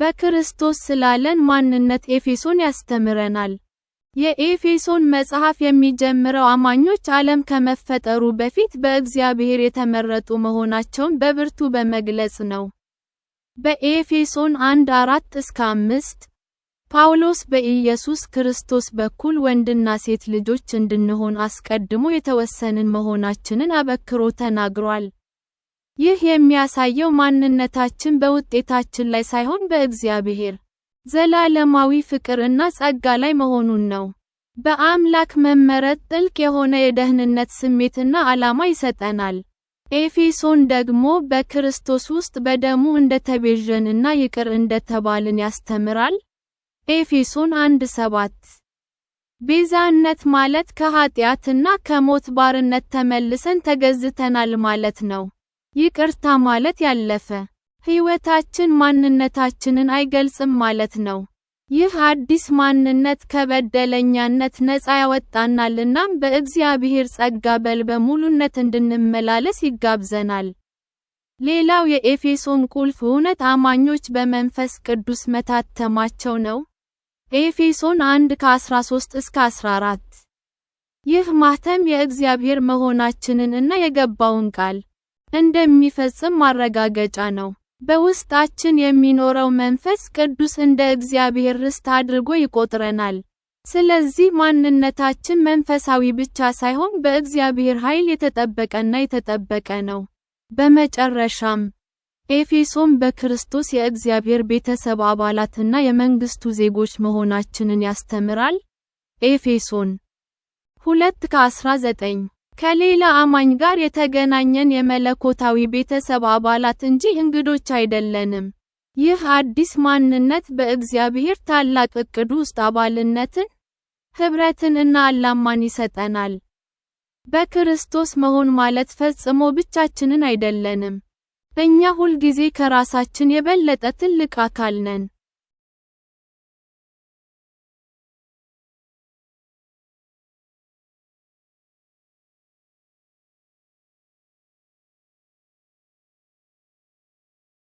በክርስቶስ ስላለን ማንነት ኤፌሶን ያስተምረናል። የኤፌሶን መጽሐፍ የሚጀምረው አማኞች ዓለም ከመፈጠሩ በፊት በእግዚአብሔር የተመረጡ መሆናቸውን በብርቱ በመግለጽ ነው። በኤፌሶን 1 4 እስከ 5 ጳውሎስ በኢየሱስ ክርስቶስ በኩል ወንድና ሴት ልጆች እንድንሆን አስቀድሞ የተወሰንን መሆናችንን አበክሮ ተናግሯል። ይህ የሚያሳየው ማንነታችን በውጤታችን ላይ ሳይሆን በእግዚአብሔር ዘላለማዊ ፍቅር እና ጸጋ ላይ መሆኑን ነው። በአምላክ መመረጥ ጥልቅ የሆነ የደህንነት ስሜትና ዓላማ ይሰጠናል። ኤፌሶን ደግሞ በክርስቶስ ውስጥ በደሙ እንደተቤዠንና ይቅር እንደተባልን ያስተምራል። ኤፌሶን 1:7 ቤዛነት ማለት ከኃጢአትና ከሞት ባርነት ተመልሰን ተገዝተናል ማለት ነው። ይቅርታ ማለት ያለፈ ሕይወታችን ማንነታችንን አይገልጽም ማለት ነው። ይህ አዲስ ማንነት ከበደለኛነት ነፃ ያወጣናል እናም በእግዚአብሔር ጸጋ በል በሙሉነት እንድንመላለስ ይጋብዘናል። ሌላው የኤፌሶን ቁልፍ እውነት አማኞች በመንፈስ ቅዱስ መታተማቸው ነው። ኤፌሶን 1 ከ13 እስከ 14 ይህ ማህተም የእግዚአብሔር መሆናችንን እና የገባውን ቃል እንደሚፈጽም ማረጋገጫ ነው። በውስጣችን የሚኖረው መንፈስ ቅዱስ እንደ እግዚአብሔር ርስት አድርጎ ይቆጥረናል። ስለዚህ ማንነታችን መንፈሳዊ ብቻ ሳይሆን በእግዚአብሔር ኃይል የተጠበቀና የተጠበቀ ነው። በመጨረሻም፣ ኤፌሶን በክርስቶስ የእግዚአብሔር ቤተሰብ አባላትና የመንግሥቱ ዜጎች መሆናችንን ያስተምራል። ኤፌሶን 2:19 ከሌላ አማኝ ጋር የተገናኘን የመለኮታዊ ቤተሰብ አባላት እንጂ እንግዶች አይደለንም። ይህ አዲስ ማንነት በእግዚአብሔር ታላቅ ዕቅድ ውስጥ አባልነትን፣ ኅብረትን እና አላማን ይሰጠናል። በክርስቶስ መሆን ማለት ፈጽሞ ብቻችንን አይደለንም። በእኛ ሁልጊዜ ከራሳችን የበለጠ ትልቅ አካል ነን።